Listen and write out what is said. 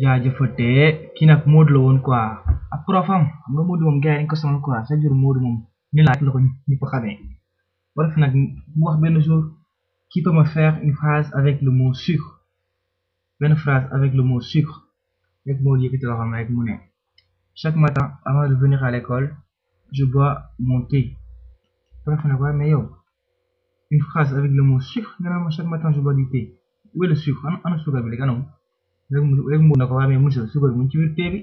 jaajëfa tee kii nag Modou la woon quoi ak profam xam nga Modou moom gars yi dañ ko sonal quoi chaque jour Modou moom ni laaj la ko ñëpp xamee bref nag mu wax benn jour qui peut me faire une phrase avec le mot sucre avec le mot sucre chaque matin avant de venir à l'école je bois mon thé bref nag matin je bois du thé est le sucre ana sucre bi léegi yooyu mun a ko amee musal suukar buñ ci biir tee bi